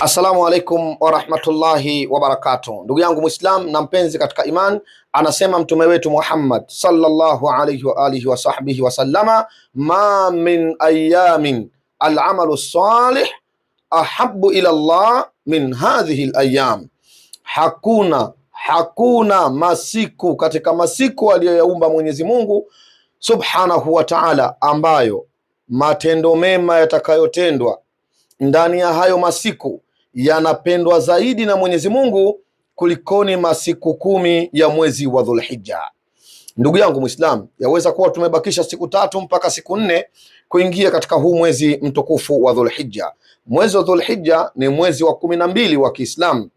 Assalamu alaikum warahmatullahi wabarakatuh, ndugu yangu Muislam na mpenzi katika iman, anasema mtume wetu Muhammad sallallahu alaihi wa alihi wa sahbihi wasallama, ma min ayamin alamalu salih ahabu ila llah min hadhihi layam, hakuna hakuna masiku katika masiku aliyoyaumba Mwenyezi Mungu subhanahu wa taala, ambayo matendo mema yatakayotendwa ndani ya hayo masiku yanapendwa zaidi na Mwenyezi Mungu kulikoni masiku kumi ya mwezi wa Dhulhijja. Ndugu yangu Muislam, yaweza kuwa tumebakisha siku tatu mpaka siku nne kuingia katika huu mwezi mtukufu wa Dhulhijja. Mwezi wa Dhulhijja ni mwezi wa kumi na mbili wa Kiislamu,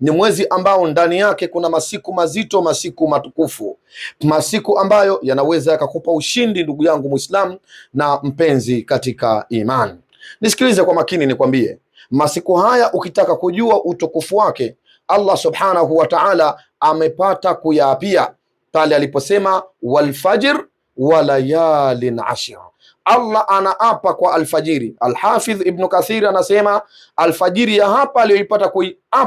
ni mwezi ambao ndani yake kuna masiku mazito, masiku matukufu, masiku ambayo yanaweza yakakupa ushindi, ndugu yangu Muislam na mpenzi katika imani. Nisikilize kwa makini, nikwambie Masiku haya ukitaka kujua utukufu wake, Allah subhanahu wa ta'ala amepata kuyaapia pale aliposema walfajr wa layalin ashir Allah anaapa kwa alfajiri. Alhafidh Ibnu Kathir anasema alfajiri ya hapa aliyoipata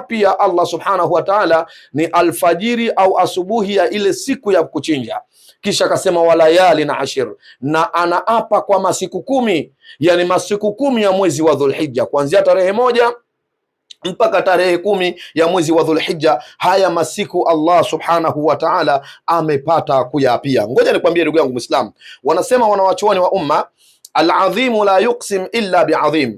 ya Allah subhanahu wa taala ni alfajiri au asubuhi ya ile siku ya kuchinja. Kisha akasema walayali na ashir, na anaapa kwa masiku kumi, yani masiku kumi ya mwezi wa Dhulhijja kuanzia tarehe moja mpaka tarehe kumi ya mwezi wa Dhulhijja. Haya masiku Allah subhanahu wa ta'ala amepata kuyaapia. Ngoja nikwambie ndugu yangu Muislam, wanasema wanawachuoni wa umma, aladhimu la yuksim illa biadhim,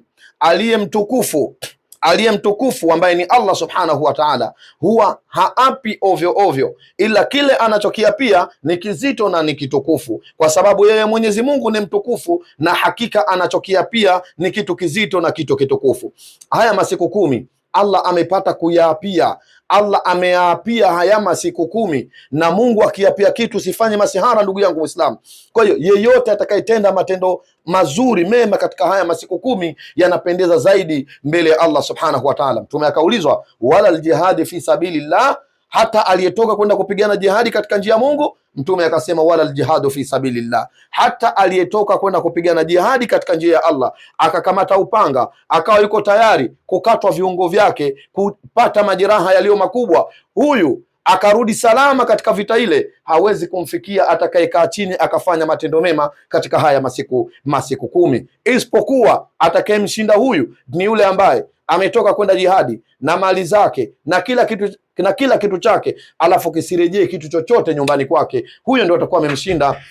mtukufu aliye mtukufu ambaye ni Allah subhanahu wa ta'ala, huwa haapi ovyo ovyo, ila kile anachokiapia ni kizito na ni kitukufu, kwa sababu yeye Mwenyezi Mungu ni mtukufu, na hakika anachokiapia ni kitu kizito na kitu kitukufu. Haya masiku kumi Allah amepata kuyaapia Allah ameapia haya masiku kumi, na Mungu akiapia kitu sifanye masihara, ndugu yangu Muislamu. Kwa hiyo yeyote atakayetenda matendo mazuri mema katika haya masiku kumi yanapendeza zaidi mbele ya Allah subhanahu wa taala. Mtume akaulizwa wala ljihadi fi sabilillah hata aliyetoka kwenda kupigana jihadi katika njia ya Mungu, Mtume akasema wala aljihadu fi sabilillah, hata aliyetoka kwenda kupigana jihadi katika njia ya Allah akakamata upanga akawa yuko tayari kukatwa viungo vyake, kupata majeraha yaliyo makubwa, huyu akarudi salama katika vita ile, hawezi kumfikia atakayekaa chini akafanya matendo mema katika haya masiku masiku kumi, isipokuwa atakayemshinda huyu ni yule ambaye ametoka kwenda jihadi na mali zake na kila kitu na kila kitu chake, alafu kisirejee kitu chochote nyumbani kwake, huyo ndio atakuwa amemshinda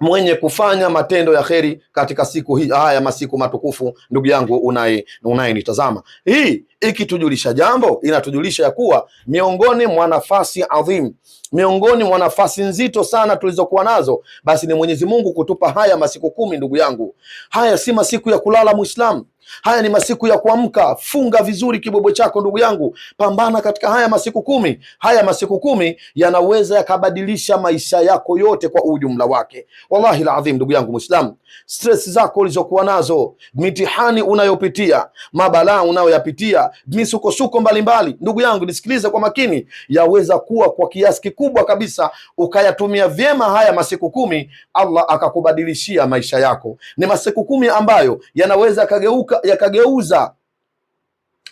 mwenye kufanya matendo ya kheri katika siku hii, haya masiku matukufu. Ndugu yangu unayenitazama, hii ikitujulisha jambo, inatujulisha ya kuwa miongoni mwa nafasi adhim, miongoni mwa nafasi nzito sana tulizokuwa nazo, basi ni Mwenyezi Mungu kutupa haya masiku kumi. Ndugu yangu, haya si masiku ya kulala Muislamu. Haya ni masiku ya kuamka. Funga vizuri kibwebwe chako ndugu yangu, pambana katika haya masiku kumi. Haya masiku kumi yanaweza yakabadilisha maisha yako yote kwa ujumla wake, wallahi ladhim. Ndugu yangu Mwislamu, stress zako ulizokuwa nazo, mitihani unayopitia, mabalaa unayoyapitia, misukosuko mbalimbali, ndugu yangu nisikilize kwa makini, yaweza kuwa kwa kiasi kikubwa kabisa ukayatumia vyema haya masiku kumi, Allah akakubadilishia maisha yako. Ni masiku kumi ambayo yanaweza yakageuka yakageuza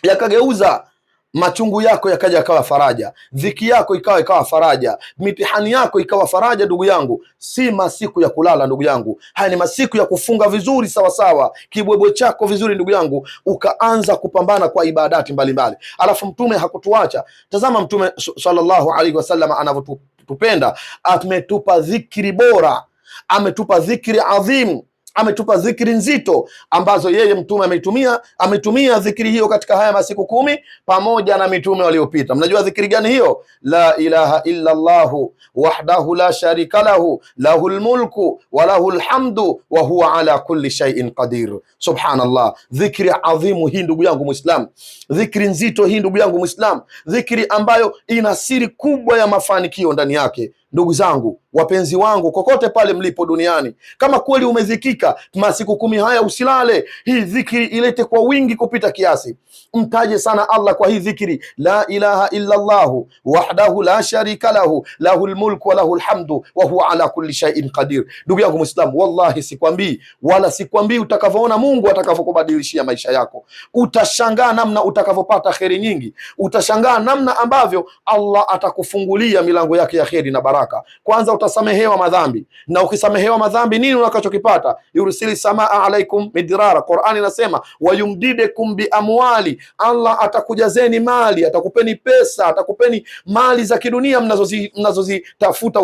yakageuza machungu yako yakaja yakawa faraja, dhiki yako ikawa ikawa faraja, mitihani yako ikawa faraja. Ndugu yangu, si masiku ya kulala ndugu yangu, haya ni masiku ya kufunga vizuri sawasawa, kibwebwe chako vizuri ndugu yangu, ukaanza kupambana kwa ibadati mbalimbali mbali. Alafu mtume hakutuacha. Tazama mtume sallallahu alaihi wasallam anavyotupenda, ametupa dhikri bora, ametupa dhikri adhimu ametupa dhikri nzito ambazo yeye mtume ametumia ametumia dhikri hiyo katika haya masiku kumi pamoja na mitume waliopita. Mnajua dhikri gani hiyo? La ilaha illa llahu wahdahu la sharika lahu lahul mulku wa lahul hamdu wa huwa ala kulli shay'in qadir. Subhanallah, dhikri adhimu hii ndugu yangu Muislam, dhikri nzito hii ndugu yangu Muislam, dhikri ambayo ina siri kubwa ya mafanikio ndani yake. Ndugu zangu, wapenzi wangu, kokote pale mlipo duniani, kama kweli umedhikika, masiku kumi haya usilale. Hii dhikiri ilete kwa wingi kupita kiasi, mtaje sana Allah kwa hii dhikiri, la ilaha illa llahu wahdahu la sharika lahu lahul lmulku wa lahul hamdu wa huwa ala kulli shay'in qadir. Ndugu yangu Muislamu, wallahi sikwambii wala sikwambii, utakavyoona Mungu atakavyokubadilishia maisha yako, utashangaa namna utakavyopata kheri nyingi, utashangaa namna ambavyo Allah atakufungulia milango yake ya kheri na baraka haraka. Kwanza utasamehewa madhambi, na ukisamehewa madhambi nini unakachokipata? yursili samaa alaikum midrara, Qur'ani inasema wayumdidekum biamwali, Allah atakujazeni mali, atakupeni pesa, atakupeni mali za kidunia mnazozitafuta mnazozi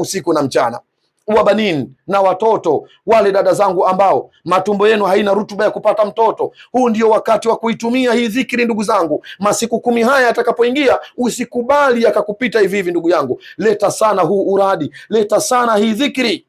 usiku na mchana wa banin na watoto wale, dada zangu ambao matumbo yenu haina rutuba ya kupata mtoto, huu ndio wakati wa kuitumia hii dhikri, ndugu zangu. Masiku kumi haya yatakapoingia, usikubali yakakupita hivi hivi, ndugu yangu. Leta sana huu uradi, leta sana hii dhikri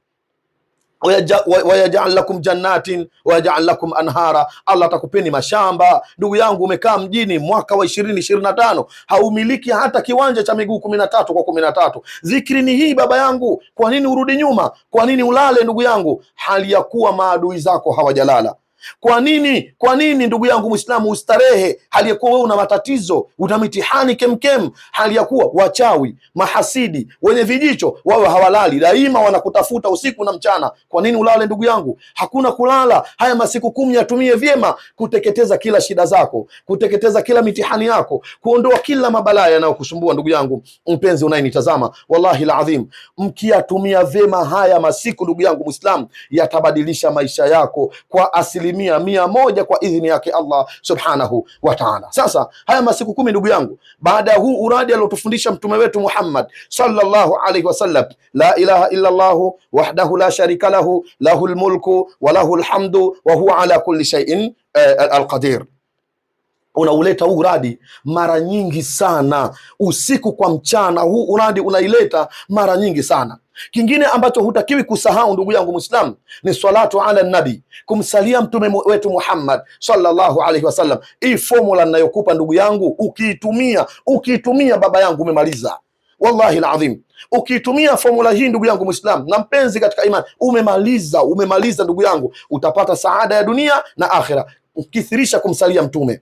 wayajal lakum jannatin wayajal lakum anhara, Allah atakupeni mashamba. Ndugu yangu, umekaa mjini mwaka wa ishirini ishirini na tano haumiliki hata kiwanja cha miguu kumi na tatu kwa kumi na tatu Dhikri ni hii baba yangu, kwa nini urudi nyuma? Kwa nini ulale ndugu yangu, hali ya kuwa maadui zako hawajalala? Kwa nini? Kwa nini ndugu yangu Muislamu ustarehe hali ya kuwa wewe una matatizo, una mitihani kemkem, hali ya kuwa wachawi, mahasidi, wenye vijicho wawe hawalali, daima wanakutafuta usiku na mchana. Kwa nini ulale ndugu yangu? Hakuna kulala. Haya masiku kumi yatumie vyema kuteketeza kila shida zako, kuteketeza kila mitihani yako, kuondoa kila mabalaa yanayokusumbua ndugu yangu mpenzi unayenitazama, wallahi ladhim, mkiyatumia vyema haya masiku ndugu yangu Muislamu, yatabadilisha maisha yako kwa asili asilimia mia moja kwa idhini yake Allah subhanahu wa ta'ala. Sasa haya masiku kumi, ndugu yangu, baada ya huu uradi aliotufundisha mtume wetu Muhammad sallallahu alaihi wasallam, la ilaha illa llahu wahdahu la sharika lahu lahu lmulku wa lahu hamdu wa huwa ala kulli shay'in eh, alqadir unauleta huu uradi mara nyingi sana, usiku kwa mchana. Huu uradi unaileta mara nyingi sana. Kingine ambacho hutakiwi kusahau ndugu yangu Muislam ni salatu ala nabi, kumsalia mtume wetu Muhammad sallallahu alaihi wasallam. Hii formula ninayokupa ndugu yangu, ukiitumia ukiitumia, baba yangu, umemaliza wallahi alazim. Ukiitumia formula hii ndugu yangu Muislam na mpenzi katika imani, umemaliza umemaliza ndugu yangu, utapata saada ya dunia na akhira ukithirisha kumsalia mtume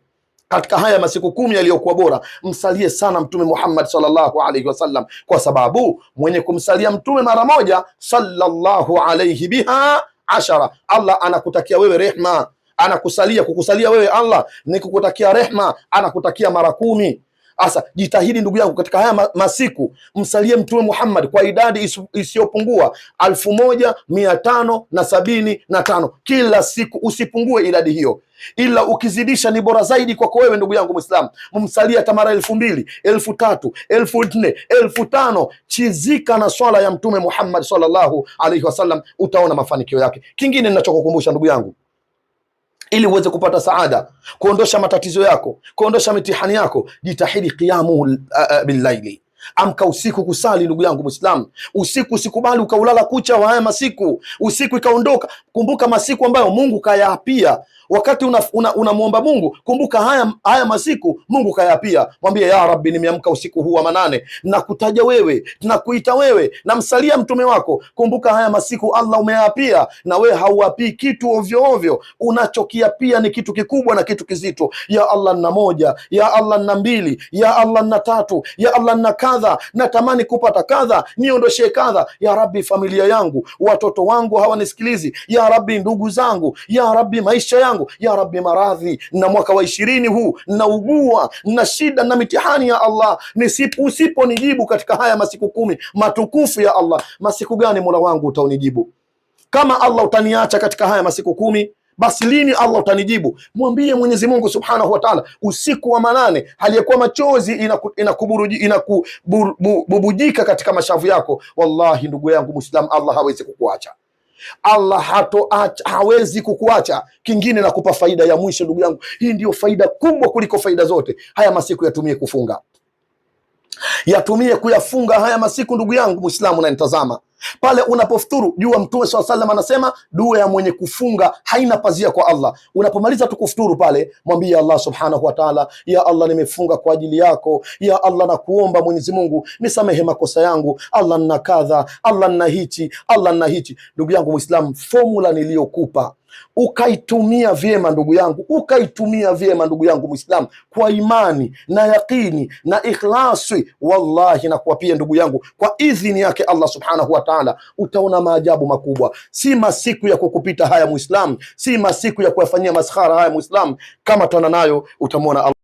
katika haya masiku kumi yaliyokuwa bora, msalie sana Mtume Muhammad sallallahu alaihi wasallam, kwa sababu mwenye kumsalia Mtume mara moja sallallahu alaihi biha ashara, Allah anakutakia wewe rehma, anakusalia kukusalia wewe Allah ni kukutakia rehma, anakutakia mara kumi. Asa, jitahidi ndugu yangu katika haya masiku msalie Mtume Muhammad kwa idadi isiyopungua alfu moja mia tano na sabini na tano kila siku, usipungue idadi hiyo, ila ukizidisha ni bora zaidi kwako wewe ndugu yangu Mwislamu. mumsalie hata mara elfu mbili elfu tatu elfu nne elfu tano chizika na swala ya Mtume Muhammad sallallahu alaihi wasallam, utaona mafanikio yake. Kingine ninachokukumbusha ndugu yangu ili uweze kupata saada, kuondosha matatizo yako, kuondosha mitihani yako. Jitahidi qiyamu uh, uh, billaili Amka usiku kusali, ndugu yangu Mwislamu. Usiku usikubali ukaulala kucha wa haya masiku, usiku ikaondoka. Kumbuka masiku ambayo Mungu kayaapia wakati unamwomba una, una Mungu, kumbuka haya, haya masiku Mungu kayapia. Mwambie ya Rabbi, nimeamka usiku huu wa manane na kutaja wewe na kuita wewe na msalia mtume wako. Kumbuka haya masiku Allah umeyapia, na we hauapii kitu ovyo ovyo. Unachokiapia ni kitu kikubwa na kitu kizito. Ya Allah na moja, ya Allah na mbili, ya Allah na tatu, ya Allah na kadha, natamani kupata kadha, niondoshe kadha. Ya Rabbi, familia yangu, watoto wangu hawanisikilizi. Ya Rabbi, ndugu zangu, ya Rabbi, maisha yangu yangu, ya Rabbi maradhi, na mwaka wa ishirini huu naugua na shida na mitihani ya Allah, nisipo usiponijibu katika haya masiku kumi matukufu ya Allah, masiku gani mola wangu utaunijibu? Kama Allah utaniacha katika haya masiku kumi basi lini Allah utanijibu? Mwambie Mwenyezi Mungu Subhanahu wa Ta'ala, usiku wa manane, hali ya kuwa machozi inakububujika inaku, inaku, katika mashavu yako. Wallahi ndugu yangu Muislam, Allah hawezi kukuacha. Allah hatoacha, hawezi kukuacha kingine na kupa faida ya mwisho. Ndugu yangu, hii ndiyo faida kubwa kuliko faida zote. Haya masiku yatumie kufunga, yatumie kuyafunga haya masiku. Ndugu yangu Muislamu nanitazama pale unapofuturu jua Mtume swalla salam anasema dua ya mwenye kufunga haina pazia kwa Allah. Unapomaliza tu kufuturu pale, mwambie Allah subhanahu wa taala, ya Allah, nimefunga kwa ajili yako. Ya Allah, nakuomba Mwenyezi Mungu nisamehe makosa yangu. Allah, nina kadha. Allah, nina hichi. Allah, nna hichi. Ndugu yangu Muislamu, fomula niliyokupa ukaitumia vyema ndugu yangu, ukaitumia vyema ndugu yangu mwislamu kwa imani na yaqini na ikhlasi, wallahi nakuwapia ndugu yangu, kwa idhini yake Allah subhanahu wa taala taala, utaona maajabu makubwa. Si masiku ya kukupita haya muislam si masiku ya kuyafanyia maskhara haya muislam Kama tuana nayo utamwona